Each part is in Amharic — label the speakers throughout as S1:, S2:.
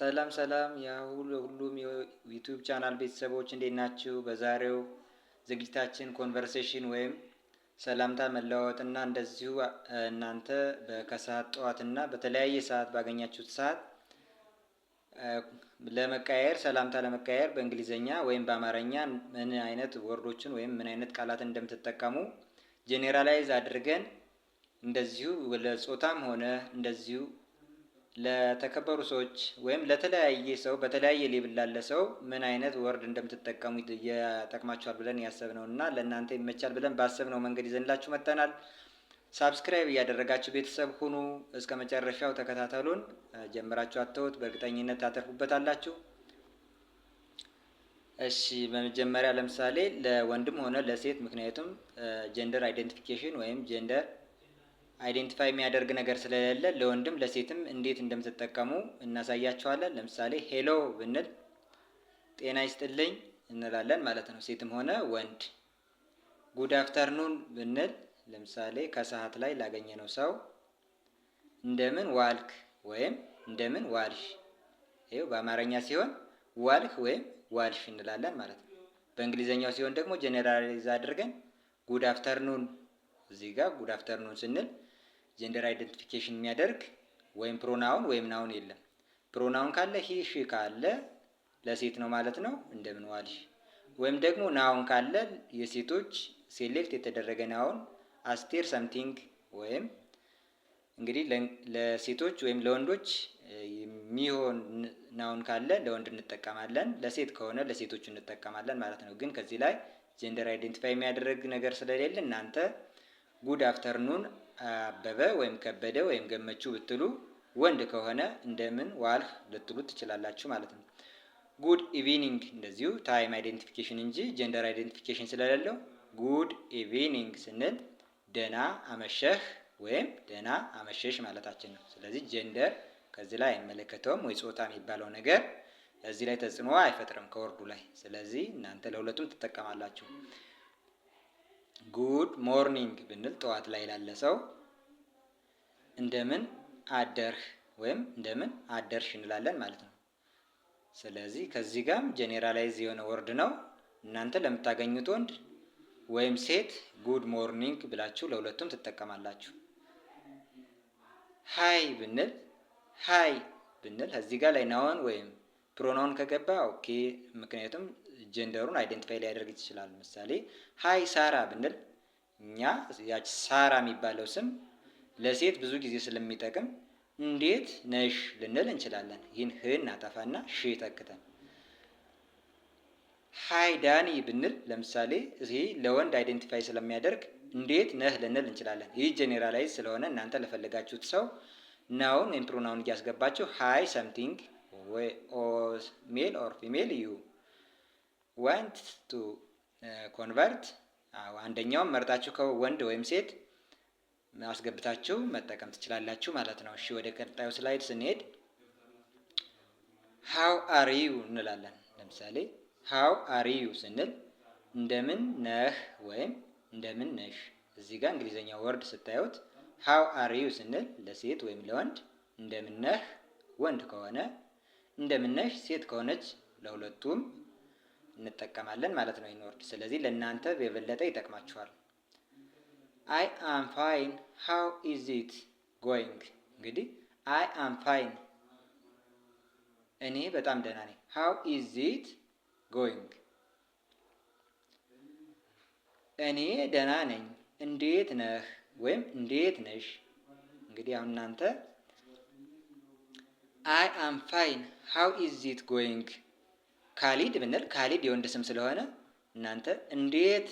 S1: ሰላም ሰላም ያሁሉ ሁሉም የዩቲዩብ ቻናል ቤተሰቦች እንዴት ናችሁ? በዛሬው ዝግጅታችን ኮንቨርሴሽን ወይም ሰላምታ እና እንደዚሁ እናንተ ከሰዓት ጠዋትና በተለያየ ሰዓት ባገኛችሁት ሰዓት ለመቀያየር ሰላምታ ለመቀያየር በእንግሊዝኛ ወይም በአማርኛ ምን አይነት ወርዶችን ወይም ምን አይነት ቃላትን እንደምትጠቀሙ ጄኔራላይዝ አድርገን እንደዚሁ ለጾታም ሆነ እንደዚሁ ለተከበሩ ሰዎች ወይም ለተለያየ ሰው በተለያየ ሌብል ላለ ሰው ምን አይነት ወርድ እንደምትጠቀሙ ይጠቅማችኋል ብለን ያሰብነው እና ለእናንተ ይመቻል ብለን ባሰብነው መንገድ ይዘንላችሁ መጥተናል። ሳብስክራይብ እያደረጋችሁ ቤተሰብ ሁኑ። እስከ መጨረሻው ተከታተሉን። ጀምራችሁ አተውት በእርግጠኝነት ታተርፉበታላችሁ። እሺ በመጀመሪያ ለምሳሌ ለወንድም ሆነ ለሴት፣ ምክንያቱም ጀንደር አይደንቲፊኬሽን ወይም ጀንደር አይዴንቲፋይ የሚያደርግ ነገር ስለሌለ ለወንድም ለሴትም እንዴት እንደምትጠቀሙ እናሳያቸዋለን። ለምሳሌ ሄሎ ብንል ጤና ይስጥልኝ እንላለን ማለት ነው፣ ሴትም ሆነ ወንድ። ጉድ አፍተርኑን ብንል ለምሳሌ ከሰዓት ላይ ላገኘነው ሰው እንደምን ዋልክ ወይም እንደምን ዋልሽ። ይኸው በአማርኛ ሲሆን ዋልክ ወይም ዋልሽ እንላለን ማለት ነው። በእንግሊዘኛው ሲሆን ደግሞ ጄኔራላይዝ አድርገን ጉድ አፍተርኑን እዚህ ጋር ጉድ አፍተርኑን ስንል ጀንደር አይደንቲፊኬሽን የሚያደርግ ወይም ፕሮናውን ወይም ናውን የለም። ፕሮናውን ካለ ሂ ሺ ካለ ለሴት ነው ማለት ነው እንደምን ዋልሽ። ወይም ደግሞ ናውን ካለ የሴቶች ሴሌክት የተደረገ ናውን አስቴር ሰምቲንግ ወይም እንግዲህ ለሴቶች ወይም ለወንዶች የሚሆን ናውን ካለ ለወንድ እንጠቀማለን፣ ለሴት ከሆነ ለሴቶቹ እንጠቀማለን ማለት ነው። ግን ከዚህ ላይ ጀንደር አይደንቲፋይ የሚያደረግ ነገር ስለሌለ እናንተ ጉድ አፍተርኑን አበበ ወይም ከበደ ወይም ገመቹ ብትሉ ወንድ ከሆነ እንደምን ዋልህ ልትሉ ትችላላችሁ ማለት ነው። ጉድ ኢቪኒንግ እንደዚሁ ታይም አይደንቲፊኬሽን እንጂ ጀንደር አይደንቲፊኬሽን ስለሌለው ጉድ ኢቪኒንግ ስንል ደህና አመሸህ ወይም ደህና አመሸሽ ማለታችን ነው። ስለዚህ ጀንደር ከዚህ ላይ አይመለከተውም ወይ ጾታ የሚባለው ነገር እዚህ ላይ ተጽዕኖ አይፈጥርም ከወርዱ ላይ። ስለዚህ እናንተ ለሁለቱም ትጠቀማላችሁ። ጉድ ሞርኒንግ ብንል ጠዋት ላይ ላለ ሰው እንደምን አደርህ ወይም እንደምን አደርሽ እንላለን ማለት ነው። ስለዚህ ከዚህ ጋም ጄኔራላይዝ የሆነ ወርድ ነው። እናንተ ለምታገኙት ወንድ ወይም ሴት ጉድ ሞርኒንግ ብላችሁ ለሁለቱም ትጠቀማላችሁ። ሀይ ብንል ሀይ ብንል እዚህ ጋር ላይ ናውን ወይም ፕሮናውን ከገባ ኦኬ፣ ምክንያቱም ጀንደሩን አይደንቲፋይ ሊያደርግ ይችላል። ምሳሌ ሀይ ሳራ ብንል እኛ ያች ሳራ የሚባለው ስም ለሴት ብዙ ጊዜ ስለሚጠቅም እንዴት ነሽ ልንል እንችላለን። ይህን ህን አጠፋና ሽ ተክተን ሀይ ዳኒ ብንል ለምሳሌ ይህ ለወንድ አይደንቲፋይ ስለሚያደርግ እንዴት ነህ ልንል እንችላለን። ይህ ጄኔራላይዝ ስለሆነ እናንተ ለፈለጋችሁት ሰው ናውን ወይም ፕሮናውን እያስገባችሁ ሀይ ሰምቲንግ ሜል ኦር ፊሜል ዩ ወንት ቱ ኮንቨርት አንደኛውም መርጣችሁ ከወንድ ወይም ሴት አስገብታችሁ መጠቀም ትችላላችሁ ማለት ነው። እሺ ወደ ቀጣዩ ስላይድ ስንሄድ ሃው አር ዩ እንላለን። ለምሳሌ ሃው አር ዩ ስንል እንደምን ነህ ወይም እንደምን ነሽ። እዚህ ጋር እንግሊዝኛ ወርድ ስታዩት ሃው አር ዩ ስንል ለሴት ወይም ለወንድ እንደምን ነህ ወንድ ከሆነ እንደምን ነሽ ሴት ከሆነች ለሁለቱም እንጠቀማለን ማለት ነው ኢን ስለዚህ ለእናንተ የበለጠ ይጠቅማችኋል። አይ አም ፋይን ሃው ኢዝ ኢት ጎይንግ። እንግዲህ አይ አም ፋይን እኔ በጣም ደህና ነኝ። ሃው ኢዝ ኢት ጎይንግ እኔ ደህና ነኝ። እንዴት ነህ ወይም እንዴት ነሽ? እንግዲህ አሁን እናንተ አይ አም ፋይን ሃው ኢዝ ኢት ጎይንግ ካሊድ ብንል ካሊድ የወንድ ስም ስለሆነ እናንተ እንዴት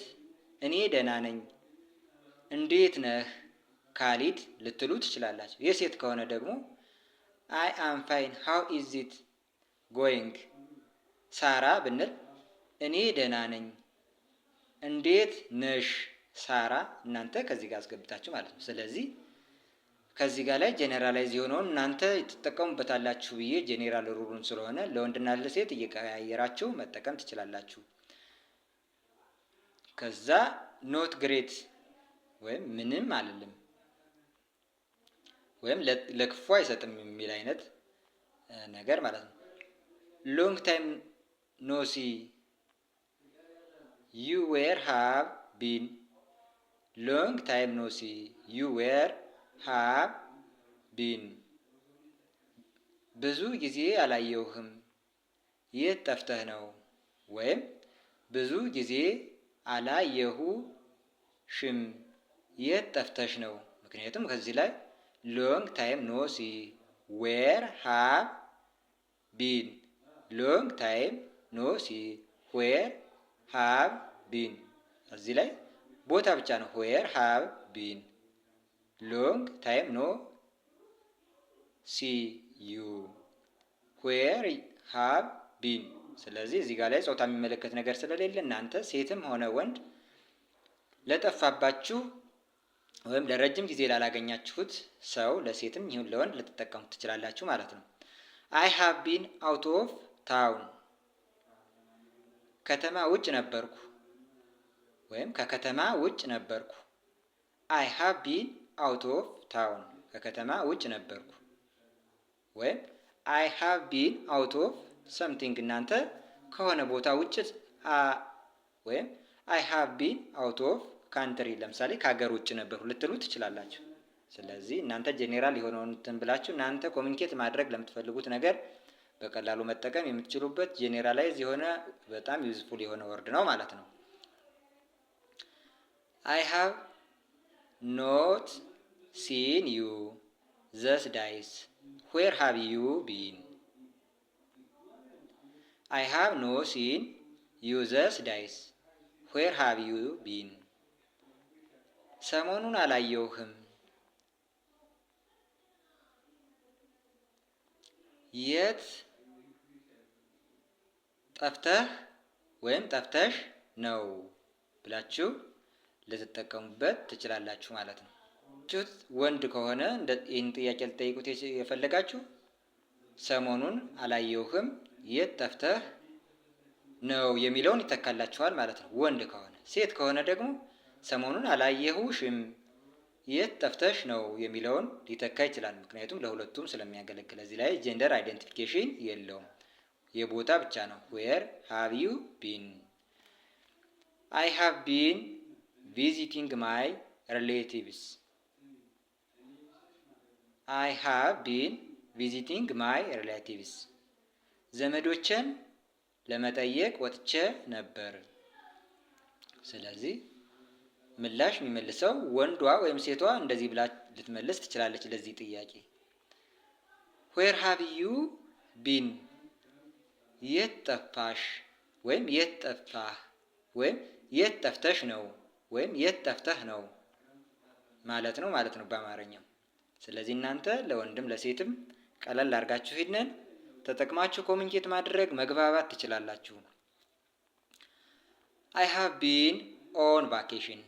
S1: እኔ ደህና ነኝ፣ እንዴት ነህ ካሊድ ልትሉ ትችላላችሁ። የሴት ከሆነ ደግሞ አይ አም ፋይን ሃው ኢዝ ኢት ጎይንግ ሳራ ብንል እኔ ደህና ነኝ፣ እንዴት ነሽ ሳራ እናንተ ከዚህ ጋር አስገብታችሁ ማለት ነው። ስለዚህ ከዚህ ጋር ላይ ጄኔራላይዝ የሆነውን እናንተ ትጠቀሙበታላችሁ ብዬ ጄኔራል ሩሉን ስለሆነ ለወንድና ለሴት እየቀያየራችሁ መጠቀም ትችላላችሁ። ከዛ ኖት ግሬት ወይም ምንም አልልም ወይም ለክፉ አይሰጥም የሚል አይነት ነገር ማለት ነው። ሎንግ ታይም ኖሲ ዩ ዌር ሃቭ ቢን ሎንግ ታይም ኖሲ ዩ ዌር ሃብ ቢን ብዙ ጊዜ አላየውህም፣ የት ጠፍተህ ነው? ወይም ብዙ ጊዜ አላየሁ ሽም የት ጠፍተሽ ነው? ምክንያቱም ከዚህ ላይ ሎንግ ታይም ኖ ሲ ዌር ሃብ ቢን ሎንግ ታይም ኖ ሲ ዌር ሃብ ቢን እዚህ ላይ ቦታ ብቻ ነው ዌር ሃብ ቢን long time no see you where have been ስለዚህ እዚህ ጋር ላይ ጾታ የሚመለከት ነገር ስለሌለ እናንተ ሴትም ሆነ ወንድ ለጠፋባችሁ ወይም ለረጅም ጊዜ ላላገኛችሁት ሰው ለሴትም ይሁን ለወንድ ልትጠቀሙት ትችላላችሁ ማለት ነው። አይ ሃቭ ቢን አውት ኦፍ ታውን ከተማ ውጭ ነበርኩ ወይም ከከተማ ውጭ ነበርኩ። አይ ሃቭ ቢን አውት ኦፍ ታውን ከከተማ ውጭ ነበርኩ። ወይም አይ ሃቭ ቢን አውት ኦፍ ሰምቲንግ እናንተ ከሆነ ቦታ ውጭ ወይም አይ ሃቭ ቢን አውት ኦፍ ካንትሪ ለምሳሌ ከሀገር ውጭ ነበርኩ ልትሉ ትችላላችሁ። ስለዚህ እናንተ ጄኔራል የሆነውን እንትን ብላችሁ እናንተ ኮሚኒኬት ማድረግ ለምትፈልጉት ነገር በቀላሉ መጠቀም የምትችሉበት ጄኔራላይዝ የሆነ በጣም ዩዝፉል የሆነ ወርድ ነው ማለት ነው። አይ ሃቭ not seen you, thus dies. Where have you been? I have not seen you, thus dies. Where have you been? ሰሞኑን አላየውህም። የት ጠፍተህ ወይም ጠፍተሽ ነው ብላችሁ ልትጠቀሙበት ትችላላችሁ ማለት ነው። ጩት ወንድ ከሆነ ይህን ጥያቄ ልጠይቁት የፈለጋችሁ ሰሞኑን አላየሁህም የት ጠፍተህ ነው የሚለውን ይተካላችኋል ማለት ነው። ወንድ ከሆነ ሴት ከሆነ ደግሞ ሰሞኑን አላየሁሽም የት ጠፍተሽ ነው የሚለውን ሊተካ ይችላል። ምክንያቱም ለሁለቱም ስለሚያገለግል እዚህ ላይ ጀንደር አይደንቲፊኬሽን የለውም፣ የቦታ ብቻ ነው። ዌር ሃቭ ዩ ቢን አይ ሃቭ ቢን ቪዚቲንግ ማይ ሪሌቲቭስ አይ ሃቭ ቢን ቪዚቲንግ ማይ ሪሌቲቭስ ዘመዶችን ለመጠየቅ ወጥቼ ነበር። ስለዚህ ምላሽ የሚመልሰው ወንዷ ወይም ሴቷ እንደዚህ ብላ ልትመልስ ትችላለች። ለዚህ ጥያቄ ዌር ሃቭ ዩ ቢን፣ የት ጠፋሽ ወይም የት ጠፋህ ወይም የት ጠፍተሽ ነው ወይም የት ጠፍተህ ነው ማለት ነው ማለት ነው በአማርኛው። ስለዚህ እናንተ ለወንድም ለሴትም ቀለል አድርጋችሁ ሂድነን ተጠቅማችሁ ኮሚኒኬት ማድረግ መግባባት ትችላላችሁ። አይ ሃቭ ቢን ኦን ቫኬሽን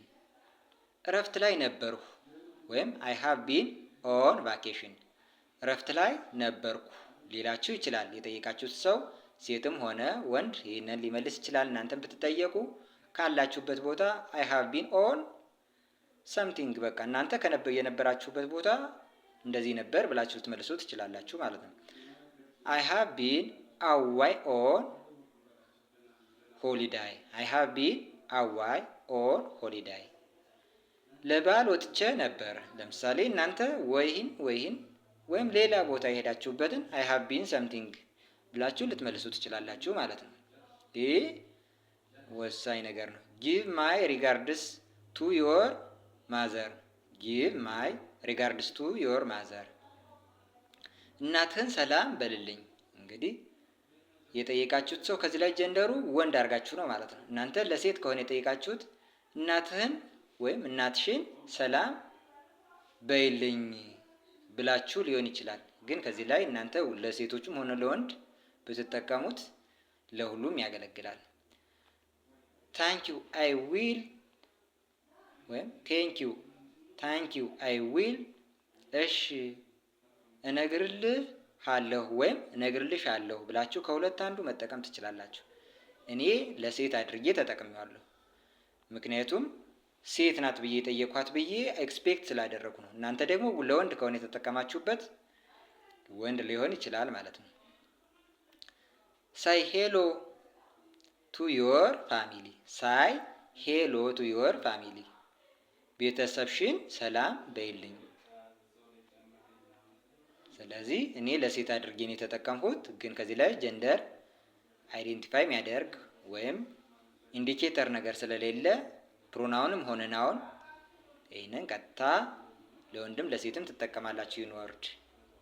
S1: እረፍት ላይ ነበርኩ ወይም አይ ሃቭ ቢን ኦን ቫኬሽን እረፍት ላይ ነበርኩ ሊላችሁ ይችላል። የጠየቃችሁት ሰው ሴትም ሆነ ወንድ ይህንን ሊመልስ ይችላል። እናንተም ብትጠየቁ ካላችሁበት ቦታ አይ ሃቭ ቢን ኦን ሰምቲንግ በቃ እናንተ የነበራችሁበት ቦታ እንደዚህ ነበር ብላችሁ ልትመልሱ ትችላላችሁ ማለት ነው። አይ ሃቭ ቢን አዋይ ኦን ሆሊዳይ። አይ ሃቭ ቢን አዋይ ኦን ሆሊዳይ። ለበዓል ወጥቼ ነበር። ለምሳሌ እናንተ ወይህን ወይህን ወይም ሌላ ቦታ የሄዳችሁበትን አይ ሃቭ ቢን ሰምቲንግ ብላችሁ ልትመልሱ ትችላላችሁ ማለት ነው። ወሳኝ ነገር ነው። ጊቭ ማይ ሪጋርድስ ቱ ዮር ማዘር ጊቭ ማይ ሪጋርድስ ቱ ዮር ማዘር እናትህን ሰላም በልልኝ። እንግዲህ የጠየቃችሁት ሰው ከዚህ ላይ ጀንደሩ ወንድ አድርጋችሁ ነው ማለት ነው። እናንተ ለሴት ከሆነ የጠየቃችሁት እናትህን ወይም እናትሽን ሰላም በይልኝ ብላችሁ ሊሆን ይችላል። ግን ከዚህ ላይ እናንተ ለሴቶችም ሆነ ለወንድ ብትጠቀሙት ለሁሉም ያገለግላል። ታንክ ዩ አይ ዊል ወይም ቴንክ ዩ አይ ዊል እሺ እነግርልህ አለሁ ወይም እነግርልሽ አለሁ ብላችሁ ከሁለት አንዱ መጠቀም ትችላላችሁ። እኔ ለሴት አድርጌ ተጠቅሜዋለሁ። ምክንያቱም ሴት ናት ብዬ የጠየኳት ብዬ ኤክስፔክት ስላደረጉ ነው። እናንተ ደግሞ ለወንድ ከሆነ የተጠቀማችሁበት ወንድ ሊሆን ይችላል ማለት ነው። ሳይ ሄሎ ቱ ዮር ፋሚሊ ሳይ ሄሎ ቱ ዮር ፋሚሊ ቤተሰብሽን ሰላም በይልኝ። ስለዚህ እኔ ለሴት አድርጌ ነው የተጠቀምኩት፣ ግን ከዚህ ላይ ጀንደር አይዴንቲፋይ የሚያደርግ ወይም ኢንዲኬተር ነገር ስለሌለ ፕሮናውንም ሆነ ናውን ይህንን ቀጥታ ለወንድም ለሴትም ትጠቀማላችሁ። ይንወርድ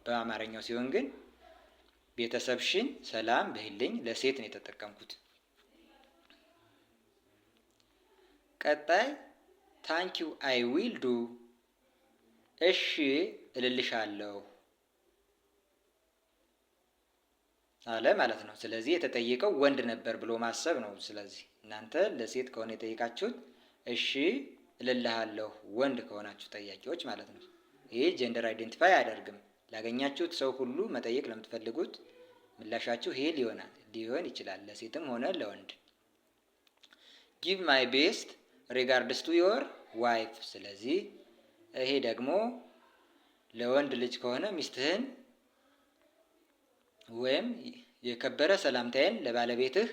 S1: በአማርኛው ሲሆን ግን ቤተሰብሽን ሰላም በይልኝ ለሴት ነው የተጠቀምኩት። ቀጣይ ታንኪዩ አይ ዊል ዱ እሺ እልልሻለሁ አለ ማለት ነው። ስለዚህ የተጠየቀው ወንድ ነበር ብሎ ማሰብ ነው። ስለዚህ እናንተ ለሴት ከሆነ የጠየቃችሁት እሺ እልልሃለሁ ወንድ ከሆናችሁ ጠያቂዎች ማለት ነው። ይህ ጀንደር አይደንቲፋይ አያደርግም። ላገኛችሁት ሰው ሁሉ መጠየቅ ለምትፈልጉት ምላሻችሁ ይሄ ሊሆናል ሊሆን ይችላል ለሴትም ሆነ ለወንድ። ጊቭ ማይ ቤስት ሪጋርድስ ቱ ዮር ዋይፍ። ስለዚህ ይሄ ደግሞ ለወንድ ልጅ ከሆነ ሚስትህን ወይም የከበረ ሰላምታዬን ለባለቤትህ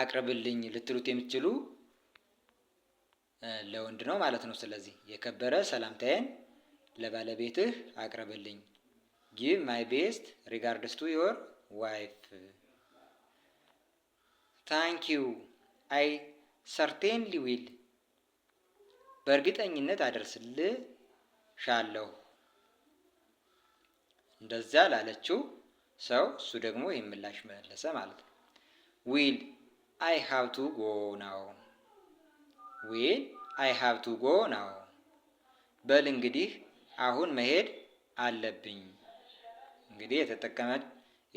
S1: አቅርብልኝ ልትሉት የምትችሉ ለወንድ ነው ማለት ነው። ስለዚህ የከበረ ሰላምታዬን ለባለቤትህ አቅርብልኝ። ጊቭ ማይ ቤስት ሪጋርድስ ቱ ዮር ዋይፍ። ታንኪዩ አይ ሰርቴንሊ ዊል በእርግጠኝነት አደርስልሻለሁ እንደዛ ላለችው ሰው እሱ ደግሞ ይህን ምላሽ መለሰ ማለት ነው። ዊል አይ ሃቭ ቱ ጎ ናው። ዊል አይ ሃቭ ቱ ጎ ናው። በል እንግዲህ አሁን መሄድ አለብኝ። እንግዲህ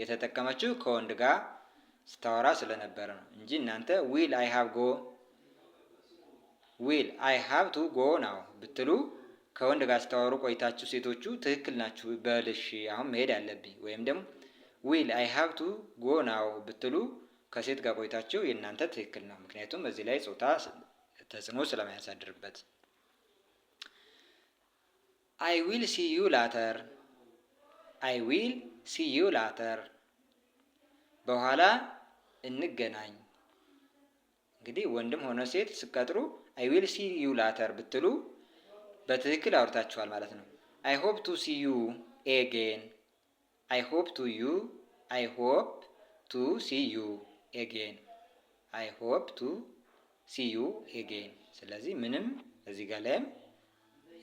S1: የተጠቀመችው ከወንድ ጋር ስታወራ ስለነበረ ነው እንጂ እናንተ ዊል አይ ሃቭ ጎ ዊል አይ ሀብ ቱ ጎ ናው ብትሉ ከወንድ ጋር ስታወሩ ቆይታችሁ ሴቶቹ ትክክል ናችሁ በልሽ አሁን መሄድ አለብኝ ወይም ደግሞ ዊል አይ ሀብ ቱ ጎ ናው ብትሉ ከሴት ጋር ቆይታችሁ የእናንተ ትክክል ነው። ምክንያቱም እዚህ ላይ ጾታ ተጽዕኖ ስለማያሳድርበት። አይ ዊል ሲ ዩ ላተር አይ ዊል ሲ ዩ ላተር በኋላ እንገናኝ። እንግዲህ ወንድም ሆነ ሴት ስቀጥሩ አይ ዊል ሲ ዩ ላተር ብትሉ በትክክል አውርታችኋል ማለት ነው። አይ ሆፕ ቱ ሲ ዩ ኤጌን፣ አይ ሆፕ ቱ ዩ፣ አይ ሆፕ ቱ ሲ ዩ ኤጌን፣ አይ ሆፕ ቱ ሲ ዩ ኤጌን። ስለዚህ ምንም እዚህ ጋር ላይም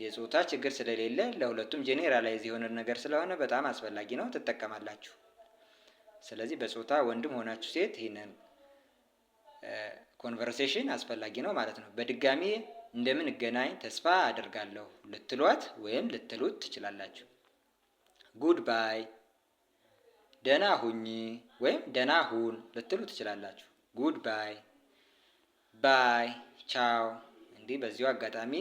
S1: የጾታ ችግር ስለሌለ ለሁለቱም ጄኔራላይዝ የሆነ ነገር ስለሆነ በጣም አስፈላጊ ነው፣ ትጠቀማላችሁ። ስለዚህ በጾታ ወንድም ሆናችሁ ሴት ይህንን ኮንቨርሴሽን አስፈላጊ ነው ማለት ነው። በድጋሚ እንደምን ተስፋ አደርጋለሁ ልትሏት ወይም ልትሉት ትችላላችሁ። ጉድ ባይ፣ ደህና ሁኚ ወይም ደህና ሁን ልትሉ ትችላላችሁ። ጉድ ባይ፣ ባይ፣ ቻው። እንዲህ በዚሁ አጋጣሚ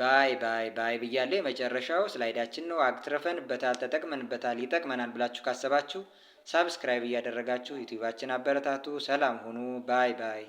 S1: ባይ ባይ ባይ ብያለሁ። የመጨረሻው ስላይዳችን ነው። አትረፈንበታል፣ ተጠቅመንበታል፣ ይጠቅመናል ብላችሁ ካሰባችሁ ሳብስክራይብ እያደረጋችሁ ዩቲዩባችን አበረታቱ። ሰላም ሁኑ። ባይ ባይ።